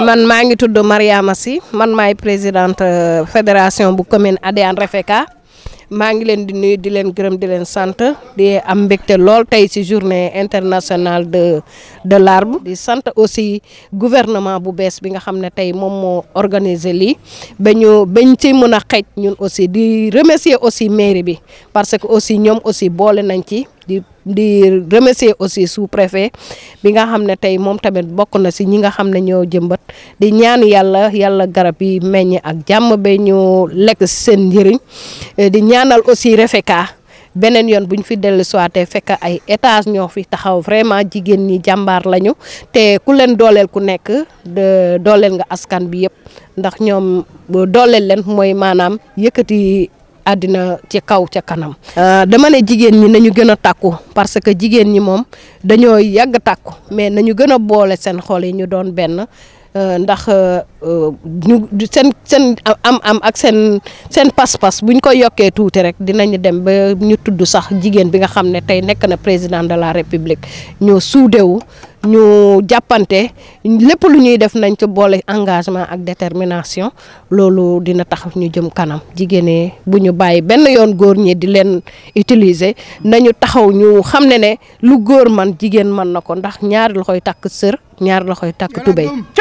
Ah. man maa ngi tudd Mariama Sy man maay présidente euh, fédération bu commune Adéane Refeka maa ngi leen di nuyu di leen gërëm di leen sant di am mbégte lool tey ci journée internationale de de l'arbre di sant aussi gouvernement bu bees bi nga xam ne tey moom moo organiser lii ba ñu bañ ci mën a xej ñun aussi di remercier aussi mairie bi parce que aussi ñoom aussi boole nañ ci di di remercier aussi sous-préfet bi nga xam ne tey moom tamit bokk na si ñi nga xam ne ñoo jëmbat di ñaan yàlla yàlla garab yi meññ ak jàmm ba ñu lekk seen njëriñ eh, di ñaanal aussi Refeka beneen yoon bu ñu fi dellu soité fekk ay étage ñoo fi taxaw vraiment jigéen ñi jàmbaar lañu te ku leen dooleel ku nekk dooleel nga askan bi yëpp ndax ñoom dooleel leen mooy maanaam yëkkati àddina ci kaw ca kanam. Euh, dama ne jigéen ñi nañu gën a takku parce que jigéen ñi moom dañoo yàgg tàkku mais nañu gën a boole seen xol yi ñu doon benn euh, ndax euh, ñu seen seen am-am ak seen seen pas-pas bu ñu ko yokkee tuuti rek dinañu dem ba ñu tudd sax jigéen bi nga xam ne tey nekk na président de la république ñu suudewu ñu jàppante lépp lu ñuy def nañ ci boole engagement ak détermination loolu dina tax ñu jëm kanam jigéen bu ñu bàyyi benn yoon góor ñi di leen utiliser nañu taxaw ñu xam ne ne lu góor man man jigéen mën na ko ndax ñaari loxoy takk sër ñaari loxoy takk tubéy